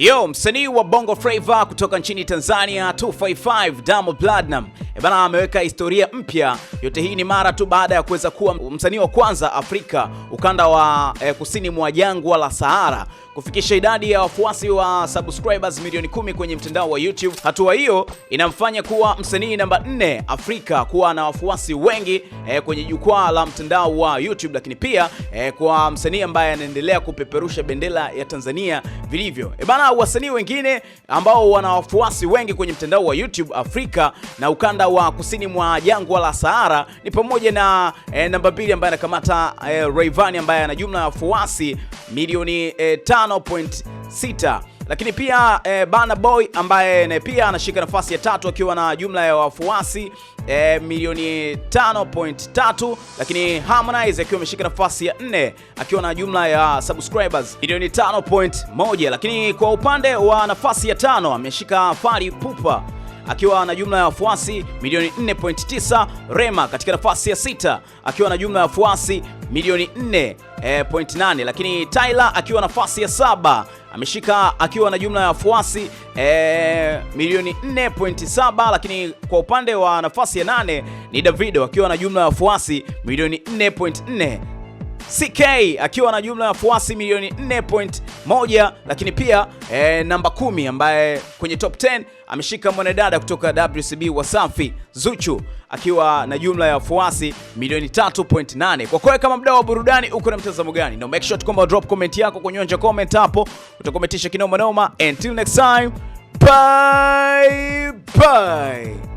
Yo, msanii wa Bongo Flava kutoka nchini Tanzania 255 Diamond Platnumz E bana, ameweka historia mpya. Yote hii ni mara tu baada ya kuweza kuwa msanii wa kwanza Afrika ukanda wa eh, kusini mwa jangwa la Sahara kufikisha idadi ya wafuasi wa subscribers milioni kumi kwenye mtandao wa YouTube. Hatua hiyo inamfanya kuwa msanii namba nne Afrika kuwa na wafuasi wengi eh, kwenye jukwaa la mtandao wa YouTube, lakini pia eh, kwa msanii ambaye anaendelea kupeperusha bendera ya Tanzania vilivyo. E bana, wasanii wengine ambao wana wafuasi wengi kwenye mtandao wa YouTube Afrika na ukanda wa kusini mwa jangwa la Sahara ni pamoja na e, namba mbili ambaye anakamata e, Rayvanny ambaye ana jumla ya wafuasi milioni 5.6 eh, lakini pia e, Burna Boy ambaye ne pia anashika nafasi ya tatu akiwa na jumla ya wafuasi e, milioni 5.3, lakini Harmonize akiwa ameshika nafasi ya nne akiwa na jumla ya subscribers milioni 5.1. Lakini kwa upande wa nafasi ya tano ameshika Fally Ipupa akiwa na jumla ya wafuasi milioni 4.9. Rema katika nafasi ya sita akiwa na jumla ya wafuasi milioni 4.8, eh, lakini Tyler akiwa nafasi ya saba ameshika akiwa na jumla ya wafuasi eh, milioni 4.7, lakini kwa upande wa nafasi ya nane ni Davido akiwa na jumla ya wafuasi milioni 4.4. CK akiwa na jumla ya wafuasi milioni 4.1, lakini pia e, namba kumi ambaye kwenye top 10 ameshika mwanadada kutoka WCB Wasafi Zuchu akiwa na jumla ya wafuasi milioni 3.8. Kwa kweli kama mdau wa burudani uko na mtazamo gani? Na make sure tukomba drop comment yako kwenye onja comment hapo, utakometisha kinoma noma. Until next time, bye bye.